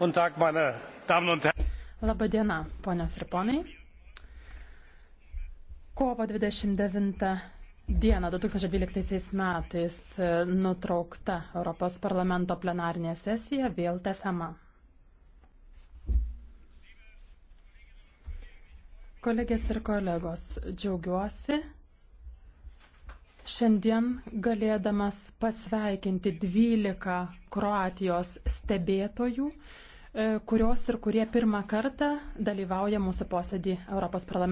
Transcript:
Labą dieną, ponios ir ponai. Kovo 29 dieną 2012 metais e, nutraukta Europos parlamento plenarinė sesija vėl tesama. Kolegės ir kolegos, džiaugiuosi, šiandien galėdamas pasveikinti 12 Kroatijos stebėtojų, e, kurios ir kurie pirmą kartą dalyvauja mūsų posėdį Europos parlamente.